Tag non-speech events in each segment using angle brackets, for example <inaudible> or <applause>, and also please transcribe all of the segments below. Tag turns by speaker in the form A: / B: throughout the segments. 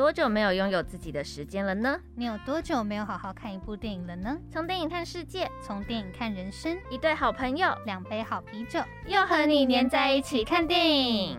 A: 多久沒有擁有自己的時間了呢？
B: 你有多久沒有好好看一部電影了呢？從電影看世界，從電影看人生。一對好朋友，兩杯好啤酒，
A: 又和你黏在一起看電影。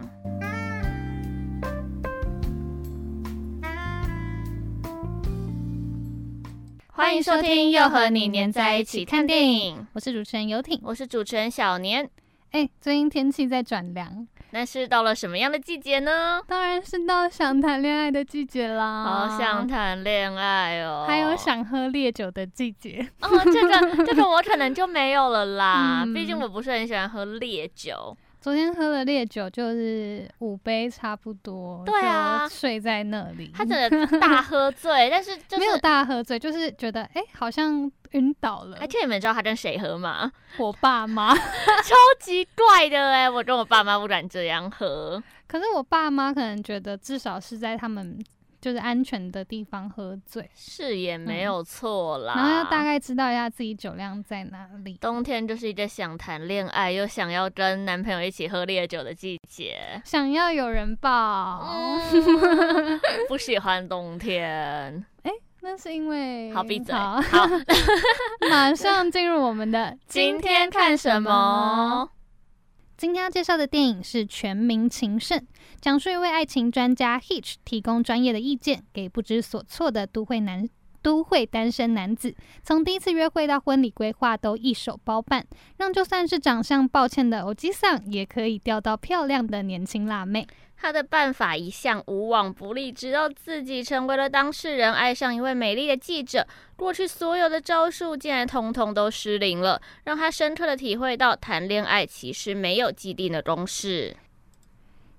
A: 歡迎收聽《又和你黏在一起看電影》，我是主持人游艇，我是主持人小年。
B: 哎、欸，最近天氣在轉涼。那是
A: 到了什麼樣的季節呢？當然是
B: 到想談戀愛的季節啦！好想談戀愛哦，還有想喝烈酒的季節。
A: 嗯、哦，這個 <laughs> 這個我可能就沒有了啦，嗯、畢竟我不是很喜歡喝烈酒。
B: 昨天喝了烈酒，就是五杯差不多，對啊，睡在那裡。他真的大喝醉， <laughs> 但是、就是、沒有大喝醉，就是覺得哎、欸，好像暈倒了。而且你們知道他跟誰喝嗎？我爸媽， <laughs> 超
A: 級怪的哎，我跟我爸媽不敢這樣喝。
B: <laughs> 可是我爸媽可能覺得，至少是在他們。就是安全的地方喝醉是也沒有錯
A: 啦，嗯，然後要大概
B: 知道一下自己酒量在哪裡。冬天就是一個想談戀愛又
A: 想要跟男朋友一起喝烈酒的季節，想要有人抱，嗯、 <laughs> 不喜歡冬天。哎、欸，
B: 那是因為，好，閉嘴，好，好 <laughs> 馬上進入我們的今天看什麼。今天要介紹的電影是《全民情聖》，講述一位愛情專家 Hitch 提供專業的意見給不知所措的都會男、都會單身男子，從第一次約會到婚禮規劃都一手包辦，讓就算是長相抱歉的歐吉桑也可以釣到漂亮的年輕辣妹。他的辦法一向
A: 無往不利，直到自己成為了當事人，愛上一位美麗的記者，過去所有的招數竟然統統都失靈了，讓他深刻的體會到，談戀愛其實沒有既定的公式。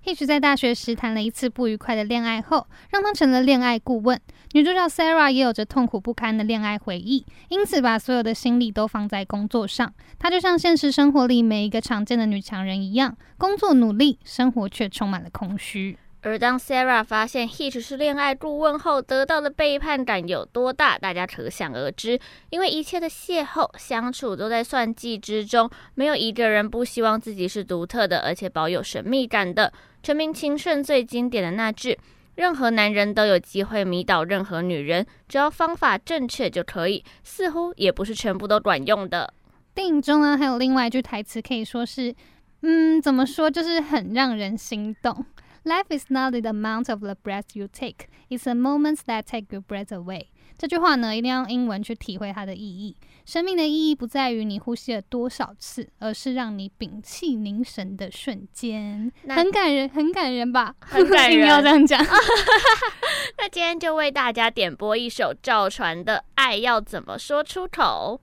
B: H 在大學時談了一次不愉快的戀愛後，讓他成了戀愛顧問。女主角 Sarah 也有着痛苦不堪的戀愛回憶，因此把所有的心力都放在工作上。她就像現實生活裡每一個常見的女強人一樣，工作努力，生活卻充滿了空虛。
A: 而當 Sarah 發現 Hitch 是戀愛顧問後，得到的背叛感有多大，大家可想而知。因為一切的邂逅、相處都在算計之中，沒有一個人不希望自己是獨特的，而且保有神秘感的。全民情聖最經典的那句：“任何男人都有機會迷倒任何女人，只要方法正確就可以。”似乎也不是全部都管用的。電
B: 影中呢，還有另外一句台詞，可以說是，嗯，怎麼說，就是很讓人心動。Life is not the amount of the breath you take; it's the moments that take your breath away. 這句話呢，一定要用英文去體會它的意義。生命的意義不在於你呼吸了多少次，而是讓你屏氣凝神的瞬間。那很感人，很感人吧？很感人。 <laughs> 一定要這樣
A: 講。 <laughs> <laughs> 那今天就為大家點播一首趙傳的《愛要怎麼說出口》。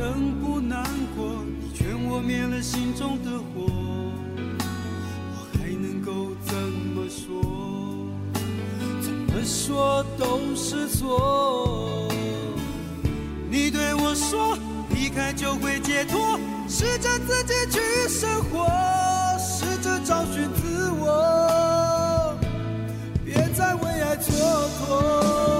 C: 能不難過？你勸我滅了心中的火，我還能夠怎麼說？怎麼說都是錯。你對我說，離開就會解脫，試着自己去生活，試着找尋自我，別再為愛蹉跎。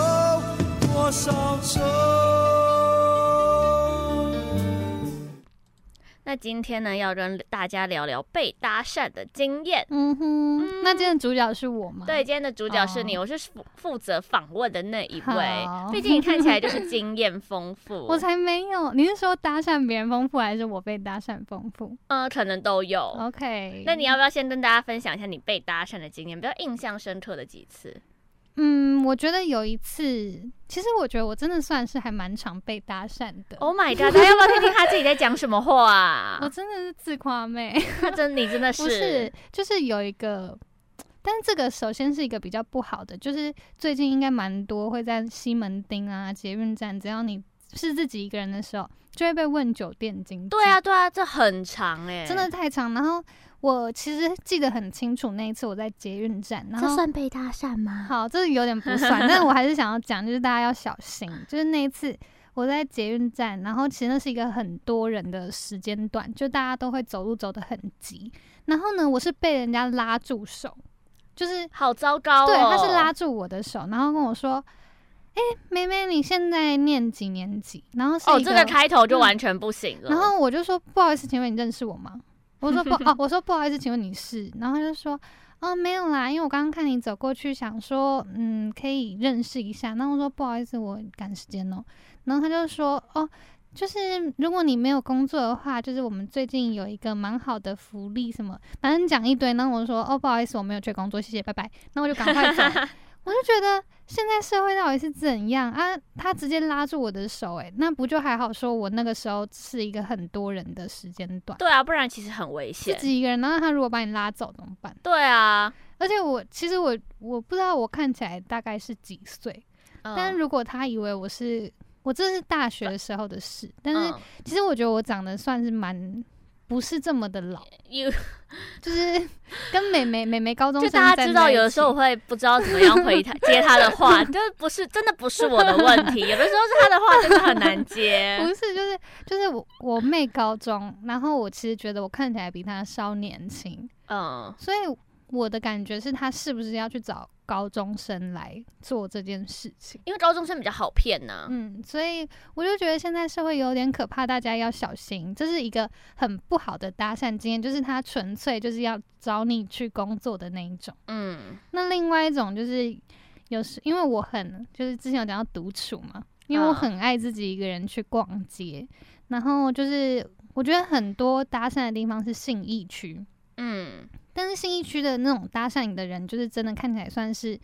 A: 那今天呢，要跟大家聊聊被搭訕的經驗。嗯哼，
B: 嗯那今天的主角是我
A: 嗎？對，今天的主角是你，Oh. 我是負負責訪問的那一位。Oh. 畢竟你看起來就是經驗豐富。
B: <laughs> 我才沒有，你是說搭訕別人豐富，還是我被搭訕豐富？呃、嗯，可能都有。OK，那你
A: 要不要先跟大家分享一下你被搭訕的經驗？比較印象深刻的幾次。
B: 嗯，我覺得有一次，其實我覺得我真的算是還蠻常被搭訕的。Oh my god，他要不要聽聽他自己在講什麼話啊？ <laughs> 我真的是自誇妹， <laughs> 他真你真的是不是？就是有一個，但是這個首先是一個比較不好的，就是最近應該蠻多會在西門町啊、捷運站，只要你是自己一個人的時候，就會被問酒店經紀。對啊，對啊，這很長哎，真的太長。然後。我其實記得很清楚，那一次我在捷運站，然後這算被搭訕嗎？好，這有點不算， <laughs> 但是我還是想要講，就是大家要小心。就是那一次我在捷運站，然後其實那是一個很多人的時間段，就大家都會走路走得很急。然後呢，我是被人家拉住手，就是好糟糕哦。對，他是拉住我的手，然後跟我說：“哎、欸，妹妹，你現在念幾年級？”然後是哦，這個開頭就完全
A: 不行了。嗯。然後
B: 我就說：“不好意思，請問你認識我嗎？”
A: <laughs> 我說不哦，我說
B: 不好意思，請問你是？然後他就說，哦，沒有啦，因為我剛剛看你走過去，想說，嗯，可以認識一下。那我說不好意思，我趕時間哦。然後他就說，哦，就是如果你沒有工作的話，就是我們最近有一個蠻好的福利什麼，反正講一堆。然後我就說，哦，不好意思，我沒有去工作，謝謝，拜拜。那我就趕快走。 <laughs> 我就覺得現在社會到底是怎樣啊？他直接拉住我的手，欸，哎，那不就還好？說我那個時候是一個很多人的時間段，
A: 對啊，不然其實很危
B: 險。自己一個人，那他如果把你拉走怎麼辦？對啊，而且我其實我我不知道我看起來大概是幾歲，嗯，但如果他以為我是我這是大學的時候的事，嗯，但是其實我覺得我長得算是蠻。不是這麼的老，You 就是跟妹妹妹妹高中生，就大家知道有的時候我會不知道怎麼樣回他 <laughs> 接他的話，
A: 就是不是真的不是我的問題， <laughs> 有的時候是他的話真的很難接，不是
B: 就是就是我我妹高中，然後我其實覺得我看起來比他稍年輕，嗯，uh. 所以我的感覺是他是不是要去找。高中生來做這件事情，因
A: 為高中生比較好騙吶、啊。嗯，
B: 所以我就覺得現在社會有點可怕，大家要小心。這是一個很不好的搭訕經驗，就是他純粹就是要找你去工作的那一種。嗯，那另外一種就是有時因為我很就是之前有講到獨處嘛，因為我很愛自己一個人去逛街，嗯、然後就是我覺得很多搭訕的地方是信義區。嗯。但是信義區的那種搭訕你的人，就是真的看起來算是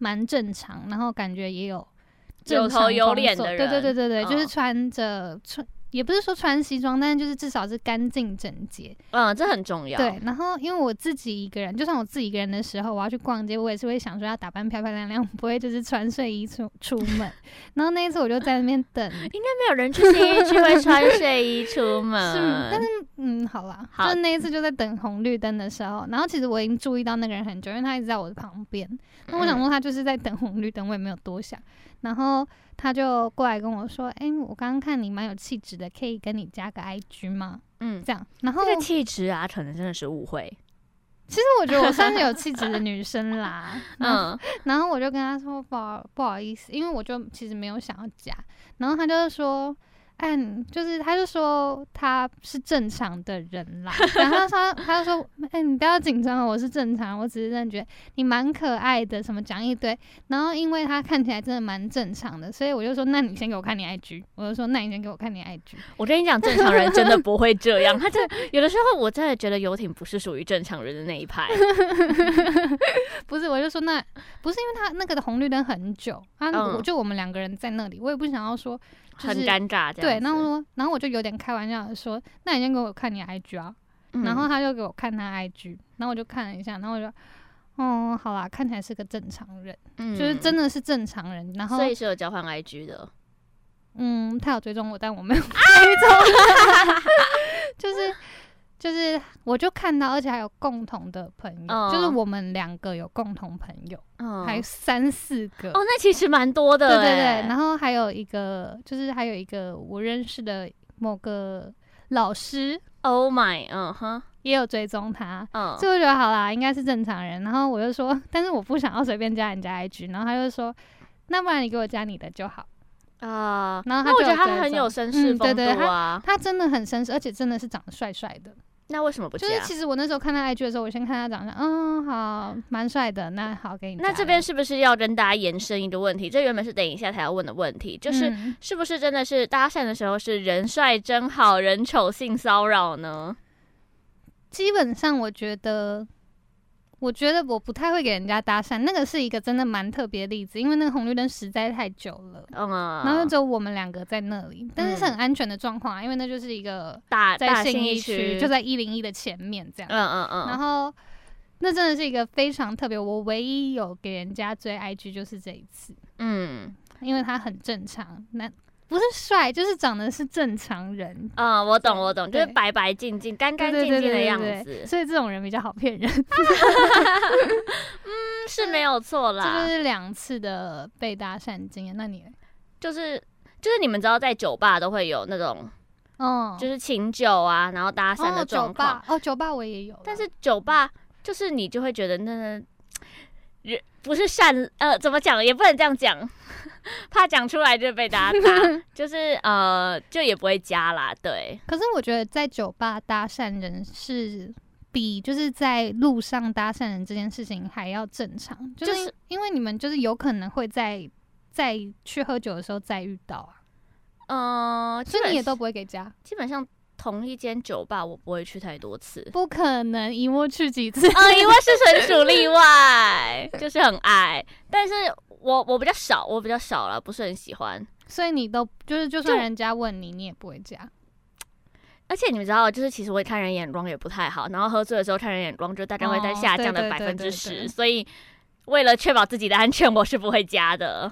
B: 蠻正常，然後感覺也有有頭有臉的人，對對對對對，哦、就是穿着穿。也不是說穿西裝，但是就是至少是乾淨整潔。嗯，這很
A: 重要。對，然
B: 後因為我自己一個人，就算我自己一個人的時候，我要去逛街，我也是會想說要打扮漂漂亮亮，不會就是穿睡衣出出門。 <laughs> 然後那一次我就在那邊等， <laughs> 應該沒有人去信義區會穿睡
A: 衣出門。
B: <laughs> 是，但是嗯，好啦，好，就那一次就在等紅綠燈的時候，然後其實我已經注意到那個人很久，因為他一直在我的旁邊。嗯、那我想說他就是在等紅綠燈，我也沒有多想。然後他就過來跟我說：“哎、欸，我剛剛看你蠻有氣質的，可以跟你加個 IG 嗎？”嗯，這樣。
A: 那個氣質啊，可能真的是誤會。其實我覺得我算是有氣質的女生啦。 <laughs> 後嗯，
B: 然後我就跟他說：“不好，不好意思，因為我就其實沒有想要加。”然後他就是說。嗯，就是，他就說他是正常的人啦，然後他他就說，哎、欸，你不要緊張、喔，我是正常，我只是真的覺得你蠻可愛的，什麼講一堆，然後因為他看起來真的蠻正常的，所以我就說，那你先給我看你 IG，我就說，那你先給我看你 IG。我跟你講，正常人真的
A: 不會這樣， <laughs> 他就有的時候我真的覺得遊艇不是屬於正常人的那一派。
B: <laughs> 不是，我就說那不是因為他那個的紅綠燈很久，啊、那個，我、嗯、就我們兩個人在那裡，我也不想要說。
A: 就是、很尷尬，這樣子，對。然後我說，
B: 然後我就有點開玩笑的說：“那你先給我看你 IG 啊。嗯”然後他就給我看他 IG，然後我就看了一下，然後我就說：“哦、嗯，好啦，看起來是個正常人，嗯、就是真的是正常人。”然後所以
A: 是有交換 IG 的，
B: 嗯，他有追蹤我，但我沒有追蹤，啊、 <laughs> <laughs> 就是。就是，我就看到，而且還有共同的朋友，oh. 就是我們兩個有共同朋友，oh. 還有三四個哦，oh, 那其實蠻多的，對對對。然後還有一個，就是還有一個我認識的某個老師，Oh my，嗯、uh、哼，huh. 也有追蹤他，嗯，oh. 所以我覺得好啦，應該是正常人。然後我就說，但是我不想要隨便加人家 IG。然後他就說，那不然你給我加你的就好啊。Uh, 然後那我覺得他很有紳士風度啊，嗯、對對對，他，他真的很紳士，而且真的是長得帥帥的。那為什麼不加？就是其實我那時候看他 IG 的時候，我先看他長相，嗯，好，蠻帥的。那好，給你。那這邊是
A: 不是要跟大家延伸一個問題？這原本是等一下才要問的問題，就是、嗯、是不是真的是搭訕的時候是人帥真好人醜性騷擾呢？基
B: 本上，我覺得。我覺得我不太會給人家搭訕，那個是一個真的蠻特別的例子，因為那個紅綠燈實在太久了，uh uh. 然後就我們兩個在那裡，但是是很安全的狀況、啊，嗯、因為那就是一個在信義區，大、大信義區，就在一零一的前面這樣，uh uh uh. 然後那真的是一個非常特別，我唯一有給人家追 IG 就是這一次，嗯、
A: uh，uh.
B: 因為它很正常，那。不是帥，就是長得是正常人。
A: 嗯，我懂，我懂，對就是白白淨淨、乾乾淨淨的樣子對對對對對對，所以
B: 這種人比較好騙人。 <laughs> <laughs> 嗯，是沒有錯啦。這是兩次的被搭訕經驗，那你就是就是你們知道，在酒
A: 吧都會有那種，哦、嗯，就是請酒啊，然後搭訕的狀況、哦、酒吧哦，酒吧我也有，但是酒吧就是你就會覺得那人不是善，
B: 呃，怎麼講，也不能這樣講。怕講出來就被大家打，
A: <laughs> 就是呃，就也不會加啦。對，
B: 可是我覺得在酒吧搭訕人是比就是在路上搭訕人這件事情還要正常，就是，就是因為你們就是有可能會在在去喝酒的時候再遇到啊。嗯、呃，其實你也都不會給加，基本上。
A: 同一間酒吧，我不會去太多次，不可
B: 能一窩去幾次啊、哦！因為是純屬例
A: 外， <laughs> 就是很愛，但是我我比較少，我比較少了，不是很喜歡，
B: 所以你都就是就算人家問你，就你也不會加。
A: 而且你們知道，就是其實我看人眼光也不太好，然後喝醉的時候看人眼光就大概會在下降的百分之十，所以為了確保自己的安全，我是不會加的。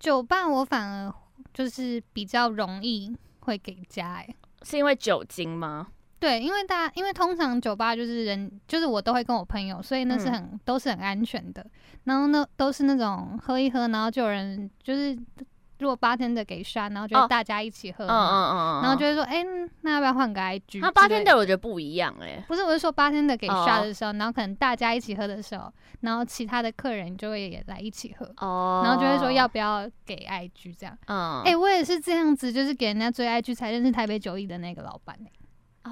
B: 酒吧我反而就是比較容易會給加哎、欸。
A: 是因為酒精嗎？
B: 對，因為大家，因為通常酒吧就是人，就是我都會跟我朋友，所以那是很、嗯、都是很安全的。然後呢，都是那種喝一喝，然後就有人就是。如果八天的給刷，然後就大家一起喝，嗯嗯嗯，然後就會說、欸，哎，那要不要換個 IG？、哦、對那八天
A: 的我覺得不一樣哎、欸，
B: 不是，我是說八天的給刷的時候，然後可能大家一起喝的時候，然後其他的客人就會也來一起喝，哦，oh、然後就會說要不要給 IG 這樣，嗯，哎，我也是這樣子，就是給人家追 IG 才認識台北酒藝的那個老闆欸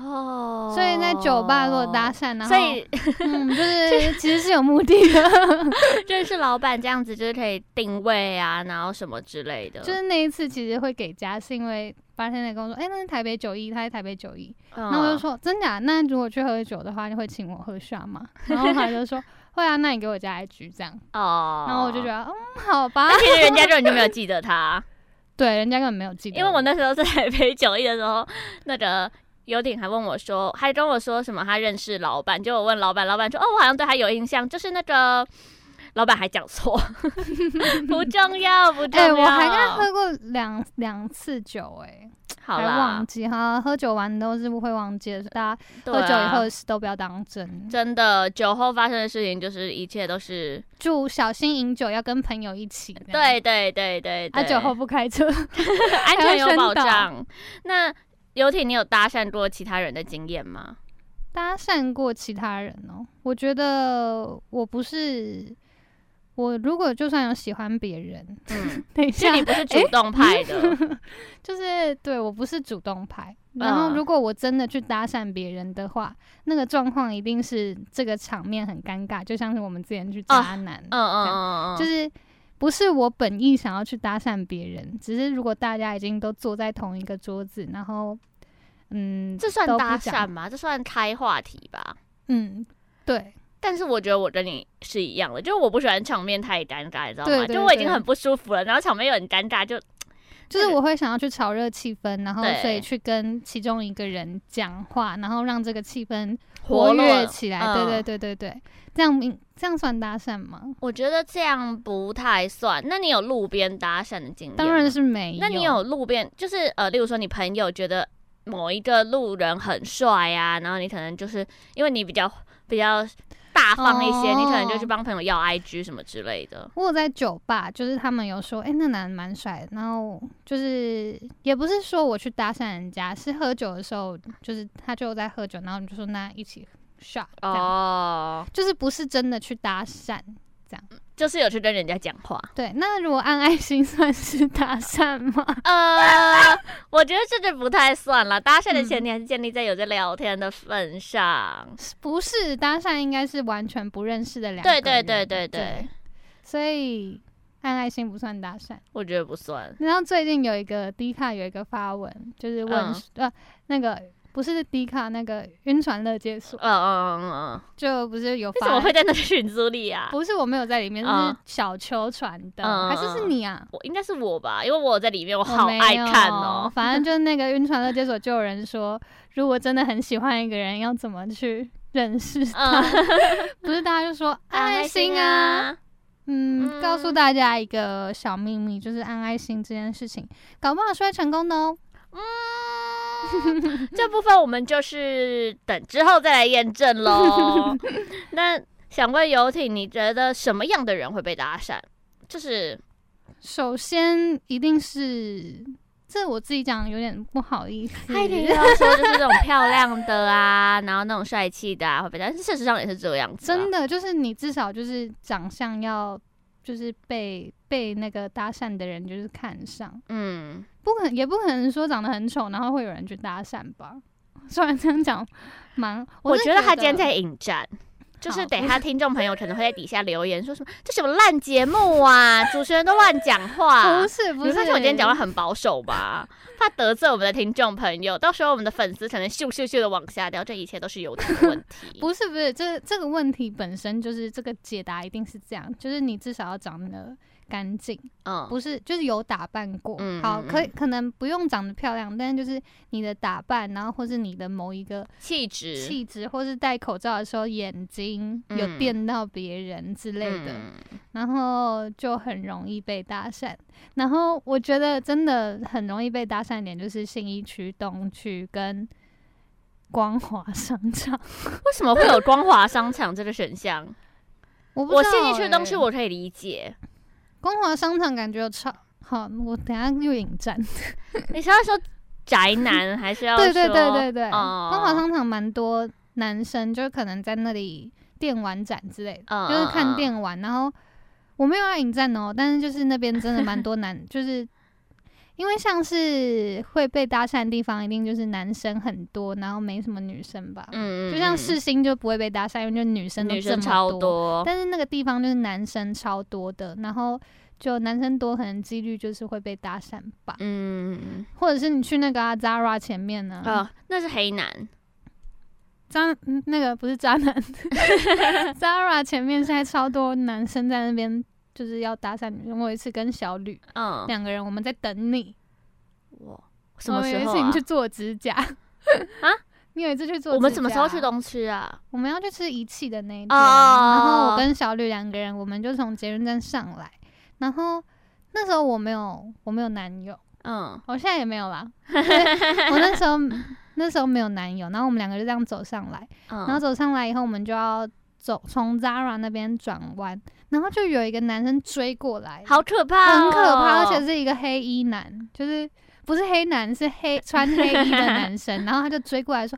B: 哦，oh, 所以在酒吧做搭訕呢，然後，所以嗯，就是就其實是有目的的，
A: <laughs> 就是老闆這樣子就是可以定位啊，然後什麼之類的。就是那
B: 一次其實會給加，是因為八天的跟我說，哎、欸，那是台北九一，他在台北九一，oh. 然後我就說真的，那如果去喝酒的話，你會請我喝下嗎？然後他就說 <laughs> 會啊，那你給我加 IG 這樣哦。Oh. 然後我就覺
A: 得嗯，好吧。但其實人家根本就沒有記得他，
B: <laughs> 對，人家根本沒有記得，因為我那時候
A: 在台北九一的時候，那個。遊艇還問我說，還跟我說什麼？他認識老闆，就我問老闆，老闆說：“哦，我好像對他有印象。”就是那個老闆還講錯，
B: <laughs> 不重要，不重要。哎、欸，我還跟他喝過兩兩次酒，欸，哎，
A: 好啦，忘記
B: 哈、啊，喝酒完都是不會忘記的。大家喝酒以後的事都不要當真、啊，
A: 真的，酒後發生的事情就是一切都是。
B: 祝小心飲酒，要跟朋友一起。對對，對
A: 對對對，他、啊、酒後不開車， <laughs> 安全有保障。 <laughs> 那。遊艇，你有搭訕過其他人的經驗嗎？
B: 搭訕過其他人哦，我覺得我不是。我如果就算有喜歡別人，嗯，等一下，是你不是主動派的，欸、 <laughs> 就是對我不是主動派。嗯、然後如果我真的去搭訕別人的話，那個狀況一定是這個場面很尷尬，就像是我們之前去渣男，嗯嗯，就是。不是我本意想要去搭訕別人，只是如果大家已經都坐在同一個桌子，然後，嗯，這算搭訕嗎？
A: 這算開話題吧？
B: 嗯，對。
A: 但是我覺得我跟你是一樣的，就是我不喜歡場面太尷尬，你知道嗎？對對對，就我已經很不舒服了，然後場面又很尷尬，就。
B: 就是我會想要去炒熱氣氛，然後所以去跟其中一個人講話，對然後讓這個氣氛活躍起來。對潤對對對對，嗯、這樣這樣算搭訕嗎？我覺得這樣不
A: 太算。那你有路邊搭訕的經歷？當然是
B: 沒有。那你有
A: 路邊就是呃，例如說你朋友覺得某一個路人很帥啊，然後你可能就是因為你比較比較。大方一些，oh, 你可能就去幫朋友要 IG 什麼之類的。
B: 我，我在酒吧，就是他們有說，哎，欸，那男的蠻帥。然後就是也不是說我去搭訕人家，是喝酒的時候，就是他就在喝酒，然後你就說那一起 shot 哦，就是不是真的去搭訕這樣。就是有去跟人家講話。對，那如果按愛心算是搭訕嗎？ <laughs> 呃，我
A: 覺得這就不太算了。搭訕的前提還是建立在有在聊天的份上。嗯，
B: 不是搭訕應該是完全不認識的兩個人，對對對對對，對，所以按愛心不算搭訕，
A: 我覺得不算。
B: 然後最近有一個 D 卡有一個發文，就是問、嗯、呃那個。不是迪卡那個暈船的解鎖，嗯
A: 嗯嗯
B: 嗯，嗯就不是有法？發怎麼會在那選
A: 擇裡啊？不
B: 是我沒有在裡面，嗯、是小球傳的，嗯、還是是你啊？我應該是我吧，
A: 因為我有在裡面，我好愛看哦。反正
B: 就是那個暈船的解鎖，就有人說， <laughs> 如果真的很喜歡一個人，要怎麼去認識他？嗯、 <laughs> 不是大家就說愛心啊，啊嗯，嗯告訴大家一個小秘密，就是按愛心這件事情，搞不好是會成功的哦。嗯， <laughs> 這部分我們就是等之後再來驗證嘍。
A: <laughs> 那想問游艇，你覺得什麼樣的人會被搭訕？就是
B: 首先一定是，這我自己講有點不好意思，一定要說就是那種
A: 漂亮的啊， <laughs> 然後那種帥氣的啊，會被搭。但是事實上也是這個樣子、啊，真的
B: 就是你至少就是長相要。就是被被那個搭訕的人就是看上，嗯，不可也不可能說長得很醜，然後會有人去搭訕吧？雖然這樣講，蠻， <laughs> 我覺得他今天在引
A: 戰。好就是等一下聽眾朋友可能會在底下留言說什麼？ <laughs> 這是什麼爛節目啊！ <laughs> 主持人都亂講話不，不是你不是，但是我今天講話很保守吧？怕得罪我們的聽眾朋友，到時候我們的粉絲可能咻咻咻的往下掉，這一切都是有點問題。
B: <laughs> 不是不是，這這個問題本身就是這個解答一定是這樣，就是你至少要講的。乾淨，哦、不是就是有打扮過，嗯、好，可以可能不用長得漂亮，但是就是你的打扮，然後或是你的某一個氣質、氣質，或是戴口罩的時候眼睛有電到別人之類的，嗯嗯、然後就很容易被搭訕。然後我覺得真的很容易被搭訕點，就是信義區東區跟光華商場。為什麼會有光華
A: 商場這個選項？
B: 我不知道。我信義區東區我可以理解。光華商場感覺有超好，我等一下又引戰。你是要說
A: 宅男，還是要說 <laughs> 對，對對對對對？光華、嗯、
B: 商場蠻多男生，就是可能在那裡電玩展之類的，嗯、就是看電玩。然後我沒有要引戰哦、喔，但是就是那邊真的蠻多男， <laughs> 就是。因為像是會被搭訕的地方，一定就是男生很多，然後沒什麼女生吧。嗯嗯，
C: 就像世新
B: 就不會被搭訕，因為女生女生超多。但是那個地方就是男生超多的，然後就男生多，可能幾率就是會被搭訕吧。嗯，或者是你去那個阿、啊、Zara 前面呢、啊？啊、哦，那是黑男，渣那個不是渣男 <laughs> <laughs> ，Zara 前面現在超多男生在那邊。就是要搭訕。我有一次跟小呂，兩個人、嗯、我們在等你，
A: 我什麼次、啊、你去
B: 做指甲啊？蛤 <laughs> 你有一次去做指甲。我們什麼時候去東區啊？我們要去吃一氣的那一天。哦、然後我跟小呂兩個人，我們就從捷運站上來。然後那時候我沒有，我沒有男友。嗯，我現在也沒有啦。 <laughs> 我那時候那時候沒有男友。然後我們兩個就這樣走上來。嗯、然後走上來以後，我們就要。走，從 Zara 那邊轉彎，然後就有一個男生追過來，好可怕、哦，很可怕，而且是一個黑衣男，就是不是黑男，是黑穿黑衣的男生， <laughs> 然後他就追過來說：“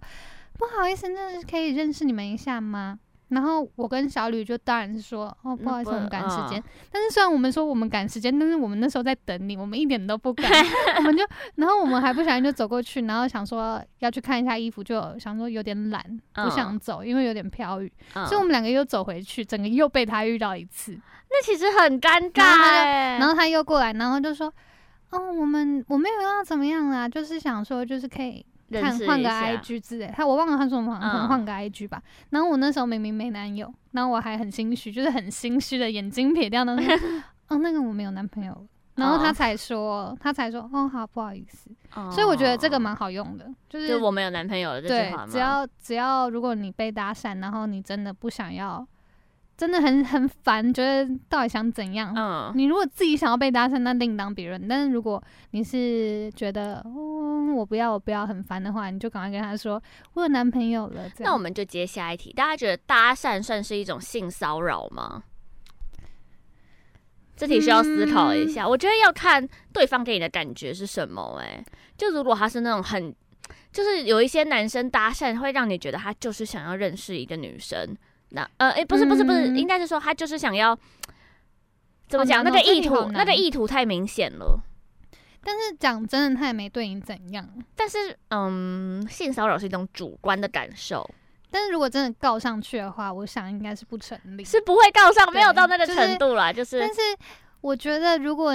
B: 不好意思，那是可以認識你們一下嗎?”然後我跟小呂就當然是說，哦，不好意思，不我們趕時間。哦、但是雖然我們說我們趕時間，但是我們那時候在等你，我們一點都不趕， <laughs> 我們就然後我們還不小心就走過去，然後想說要去看一下衣服，就想說有點懶，不想走，哦、因為有點飄雨，哦、所以我們兩個又走回去，整個又被他遇到一次。那其實很尷尬然。然後他又過來，然後就說，哦，我們我沒有要怎麼樣啊，就是想說就是可以。看，換個 IG 之類。他我忘了他說什麼，可能換個 IG 吧。嗯、然後我那時候明明沒男友，然後我還很心虛，就是很心虛的眼睛撇掉那個， <laughs> 哦，那個我沒有男朋友。然後他才說，哦、他才說，哦，好，不好意思。哦、所以我覺得這個蠻好用的，就是就我
A: 沒有男朋友這句話嗎？對，只要
B: 只要如果你被搭訕，然後你真的不想要。真的很很煩，覺得到底想怎樣？嗯，你如果自己想要被搭訕，那另當別論。但是如果你是覺得，嗯，我不要，我不要，很煩的話，你就趕快跟他說，我有男朋友了。那我們就接下一題，大
A: 家覺得搭訕算是一種性騷擾嗎？
B: 這題需要思考一下，嗯，
A: 我覺得要看對方給你的感覺是什麼，欸。哎，就如果他是那種很，就是有一些男生搭訕，會讓你覺得他就是想要認識一個女生。那呃，誒、欸，不是不是不是，嗯、應該是說他就是想要
B: 怎麼講、嗯嗯、那個意圖，那個意
A: 圖太明顯了。
B: 但是講真的，他也沒對你怎樣。但是，
A: 嗯，性騷擾是一種主觀的感受。
B: 但是如果真的告上去的話，我想應該是不成立，是不會告上，對沒有到那個程度啦。就是，就是、但是我覺得，如果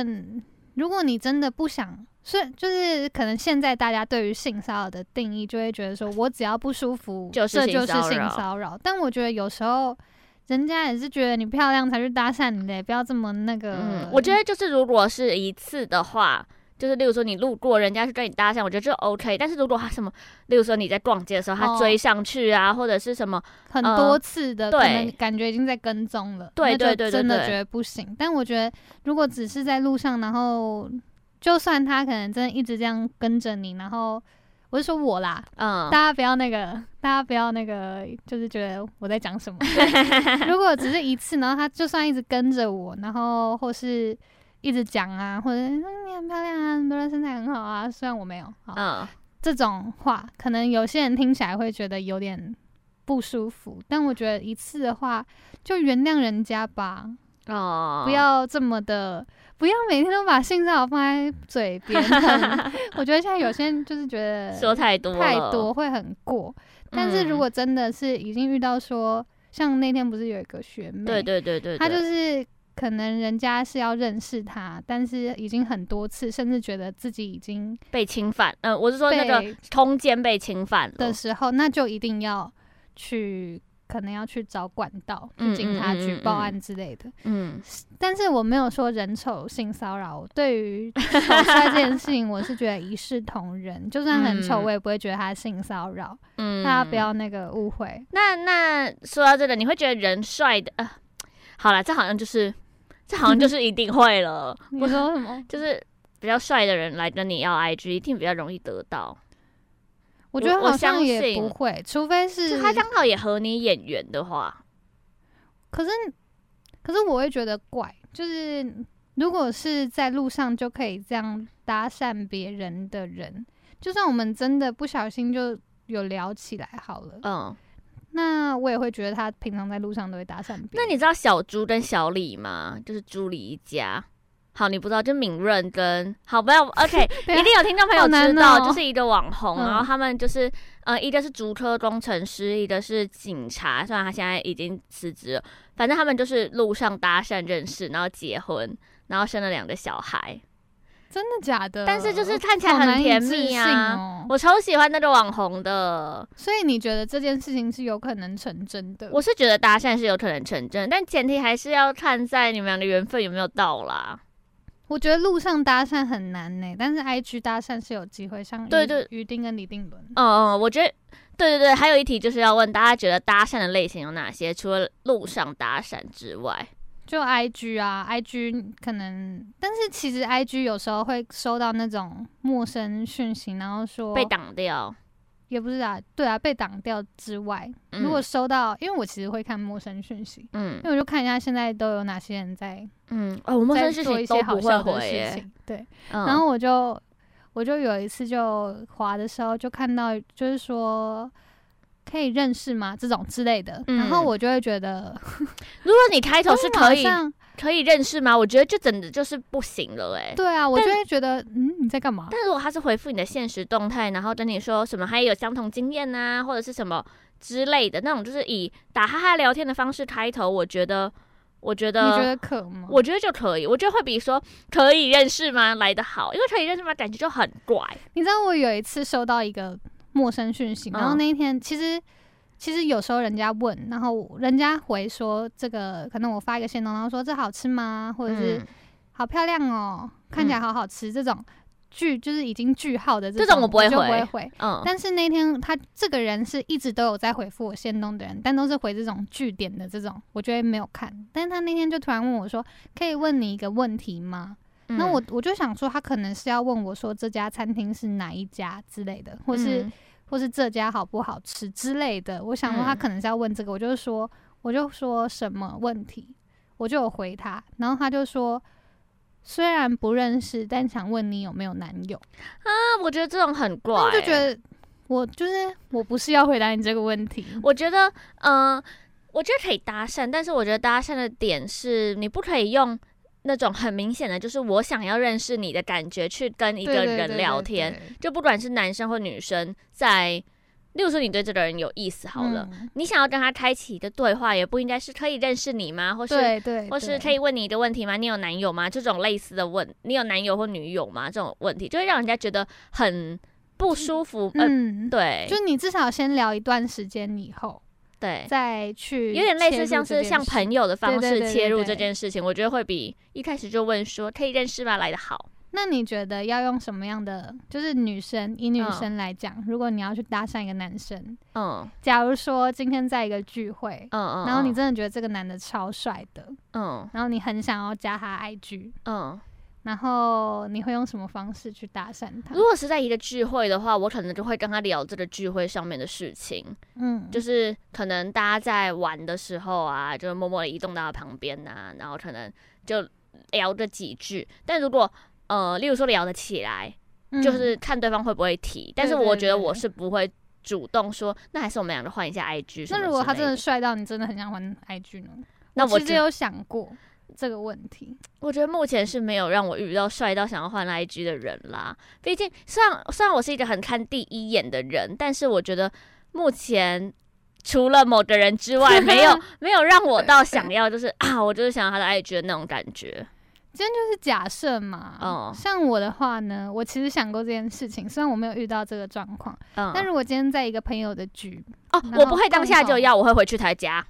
B: 如果你真的不想。是，所以就是可能現在大家對於性騷擾的定義，就會覺得說我只要不舒服，就是這就是性騷擾。但我覺得有時候人家也是覺得你漂亮才去搭訕你的、欸，不要這麼那個、嗯。我
A: 覺得就是如果是一次的話，就是例如說你路過人家去跟你搭訕，我覺得就 OK。但是如果他什麼，例如說你在逛街的時候他追上去啊，哦、或者是什麼、呃、很多次的，可能
B: 感覺已經在跟蹤了，對對對，對，對對對，真的覺得不行。但我覺得如果只是在路上，然後。就算他可能真的一直這樣跟着你，然後我就說我啦，嗯，大家不要那個，大家不要那個，就是覺得我在講什麼。 <laughs> 如果只是一次，然後他就算一直跟着我，然後或是一直講啊，或者你很漂亮啊，你的身材很好啊，雖然我沒有，嗯，這種話可能有些人聽起來會覺得有點不舒服，但我覺得一次的話就原諒人家吧，
A: 哦，不要
B: 這麼的。不要每天都把性騷擾放在嘴邊， <laughs> <laughs> 我覺得現在有些人就是覺得說太多太多會很過。
A: 但是如果
B: 真的是已經遇到說，說、嗯、像那天不是有一個學妹，對對對，她就是可能人家是要認識她，但是已經很多次，甚至覺得自己已經被侵犯，嗯、呃，我是說那個通姦被侵犯的時候，那就一定要去。可能要去找管道、警察局報案之類的。嗯，嗯嗯嗯，但是我沒有說人醜性騷擾。對於醜帥 <laughs> 這件事情，我是覺得一視同仁，就算很醜，嗯、我也不會覺得他性騷擾。嗯，大家不要那個誤會。
A: 那那說到這個，你會覺得人帥的？呃，好了，這好像就是，
B: 這好像就是一定會
A: 了。我 <laughs> 說什麼？ <laughs> 就是比較帥的人來跟你要 IG，一定比較容易得到。我，我，我覺得好像也不會，除非是他剛好也和你眼緣的話。
B: 可是，可是我會覺得怪，就是如果是在路上就可以這樣搭訕別人的人，就算我們真的不小心就有聊起來好了。
A: 嗯，
B: 那我也會覺得他平常在路上都會搭訕別
A: 人。那你知道小朱跟小李嗎？就是朱李一家。好，你不知道就敏銳跟好不要，OK， <laughs> 對一定有聽眾朋友知道，喔、就是一個網紅，嗯、然後他們就是呃，一個是竹科工程師，一個是警察，雖然他現在已經辭職了，反正他們就是路上搭訕認識，然後結婚，然後生了兩個小孩。
B: 真的假的？但是就是看起來很甜蜜啊！
A: 喔、我超喜歡那個網紅的，
B: 所以你覺得這件事情是有可能成真的？我是
A: 覺得搭訕是有可能成真，但前提還是要看在你們倆的緣分有沒有到啦。
B: 我覺得路上搭訕很難呢、欸，但是 IG 搭訕是有機會，上。對對，魚丁跟李定倫。
A: 哦哦，我覺得對對對，還有一題就是要問大家，覺得搭訕的類型有哪些？除了路上搭訕之外，
B: 就 IG 啊，IG 可能，但是其實 IG 有時候會收到那種陌生訊息，然後說被擋掉，也不是啊，對啊，被擋掉之外，嗯、如果收到，因為我其實會看陌生訊息，嗯，那我就看一下現在都有哪些人在。嗯，我、哦、們做一些不合適的，的對。嗯、然後我就我就有一次就滑的時候，就看到就是說可以認識嗎這種之類的，嗯、然後我就會覺得，
A: 如果你開頭是可以可以認識嗎？我覺得就真的就是不行了、欸，哎。對啊，我就會覺得但嗯你在幹嘛？但如果他是回復你的現實動態，然後等你說什麼，還有相同經驗啊，或者是什麼之類的那種，就是以打哈哈聊天的方式開頭，我覺得。我覺得你覺得可嗎？我覺得就可以，我覺得會比說可以認識嗎來得好，因為可以認識嗎感覺就很怪。
B: 你知道我有一次收到一個陌生訊息，然後那一天、嗯、其實其實有時候人家問，然後人家回說，這個可能我發一個限動，然後說這好吃嗎，或者是好漂亮哦、喔、嗯、看起來好好吃這種。句就是已經句號的這種，這種我不會就不會回。嗯、但是那天他這個人是一直都有在回復我限動的人，但都是回這種句點的這種，我覺得沒有看。但是他那天就突然問我說：“可以問你一個問題嗎？”嗯、那我我就想說，他可能是要問我說這家餐廳是哪一家之類的，或是、嗯、或是這家好不好吃之類的。我想說他可能是要問這個，我就說我就說什麼問題，我就有回他，然後他就說。雖然不認識，但想問你有沒有男友
A: 啊？我覺得這種很怪，欸，我就覺得
B: 我就是我不是要回答你這個問題。我覺得，嗯、呃，
A: 我覺得可以搭訕，但是我覺得搭訕的點是，你不可以用那種很明顯的就是我想要認識你的感覺去跟一個人聊天，就不管是男生或女生，在。例如說，你對這個人有意思好了，嗯、你想要跟他開啟一個對話，也不應該是可以認識你嗎？或是對，對對，或是可以問你一個問題嗎？你有男友嗎？這種類似的問，你有男友或女友嗎？這種問題，就會讓人家覺得很不舒服。
B: 嗯、呃，對，就你至少先聊一段時間以後，對，再去有點類似像是像朋友的方式切入這件
A: 事情，對對對對對，我覺得會比一開始就問說，可以認識嗎？來得好。
B: 那你覺得要用什麼樣的？就是女生以女生來講，嗯，如果你要去搭訕一個男生，嗯，假如說今天在一個聚會，嗯，然後你真的覺得這個男的超帥的，嗯，然後你很想要加他 IG，嗯，然後你會用什麼方式去搭訕他？如果是在一個聚會
A: 的話，我可能就會跟他聊這個聚會上面的事情，嗯，就是可能大家在玩的時候啊，就默默的移動到他旁邊啊，然後可能就聊個幾句，但如果呃，例如說聊得起來，嗯、就是看對方會不會提。但是我覺得我是不會主動說，對對對，那還是我們兩個換一下 IG。那如果他真的
B: 帥到你，真的很想換 IG 呢？那我，就我其實有想過這個問題。我覺得目
A: 前是沒有讓我遇到帥到想要換 IG 的人啦。畢竟雖然雖然我是一個很看第一眼的人，但是我覺得目前除了某個人之外， <laughs> 沒有沒有讓我到想要就是 <laughs> 啊，我就是想要他的 IG 的那種感覺。
B: 今天就是假設嘛
A: ，oh. 像
B: 我的話呢，我其實想過這件事情，雖然我沒有遇到這個狀況，oh. 但如果今天在一個朋友的局，哦，oh，我不會當下就
A: 要，我會回去才加，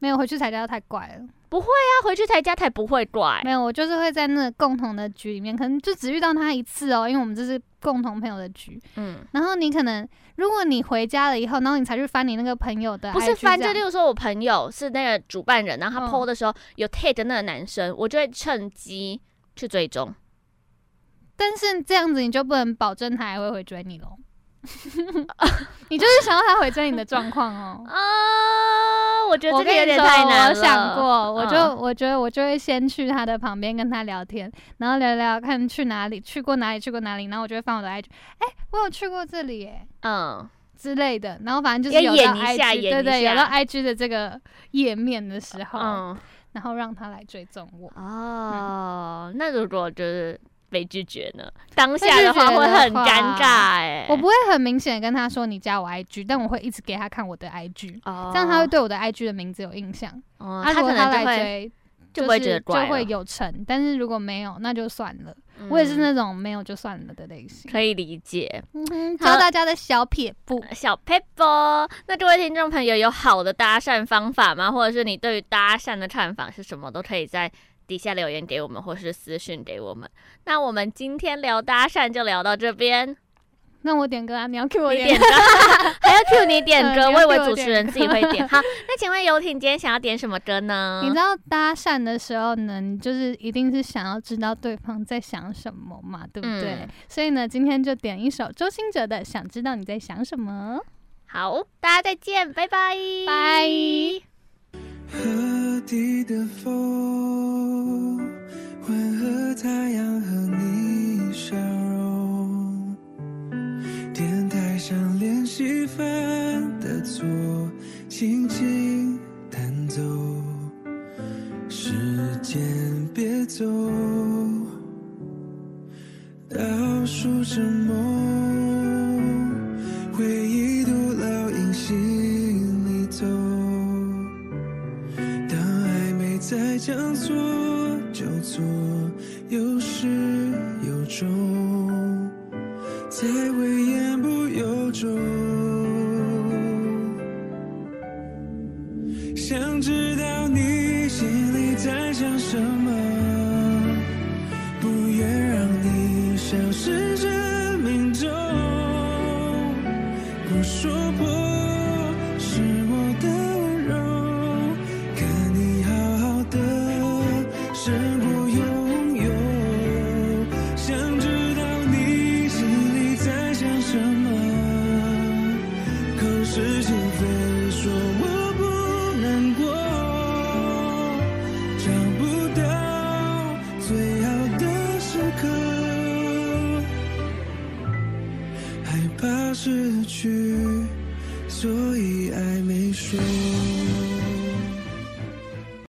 B: 沒有回去才加太怪了。
A: 不會啊，回去才加才不會怪。沒
B: 有，我就是會在那個共同的局裡面，可能就只遇到他一次哦，因為我們這是共同朋友的局。嗯，然後你可能如果你回家了以後，然後你才去翻你那個朋友的，不是翻，就是例如
A: 說我朋友是那個主辦人，然後他 po 的時候有 tag 那個男生，我就會趁機去追蹤，
B: 嗯。但是這樣子你就不能保證他還會回追你咯。你就是想要他回正你的狀況哦。啊，我覺
A: 得這個有點太難了。想過，我就
B: 我覺得我就會先去他的旁邊跟他聊天，然後聊聊看去哪裡、去過哪裡、去過哪裡，然後我就會放我的 IG，哎，我有去過這裡哎，嗯之類的，然後反正就是有到 IG，對對，有到 IG 的這個頁面的時候，然後讓他來追蹤我。
A: 哦，那如果就是。被拒絕呢？當下的話，的話會很尷尬哎，我不
B: 會很明顯跟他說，你加我 IG，但我會一直給他看我的 IG，這樣，oh. 他會對我的 IG 的名字有印象。他可能就會、就是、就會覺得就會有成，但是如果沒有那就算了。嗯、我也是那種沒有就算了的類型，可以理解。嗯哼，
A: 教大家的小撇步，小撇步。那各位聽眾朋友，有好的搭訕方法嗎？或者是你對於搭訕的看法是什麼？都可以在。底下留言給我們，或是私訊給我們。那我們今天聊搭訕就聊到這邊。那我點
B: 歌啊，你要 cue 我
A: 點歌， <laughs> 還要 Q 你點歌，嗯、我以為主持人自己會點。 <laughs> 好，那請問遊艇今天想要點什麼歌呢？你知道
B: 搭訕的時候呢，你就是一定是想要知道對方在想什麼嘛，嗯、對不對？所以呢，今天就點一首周興哲的《想知道你在想什麼》。好，大家再見，拜拜拜。河堤的風，混合
D: 太陽和你笑容。天台上練習犯的錯，輕輕彈奏。時間別走，倒數着夢。回憶。再將錯就錯，有始有終，才會言不由衷。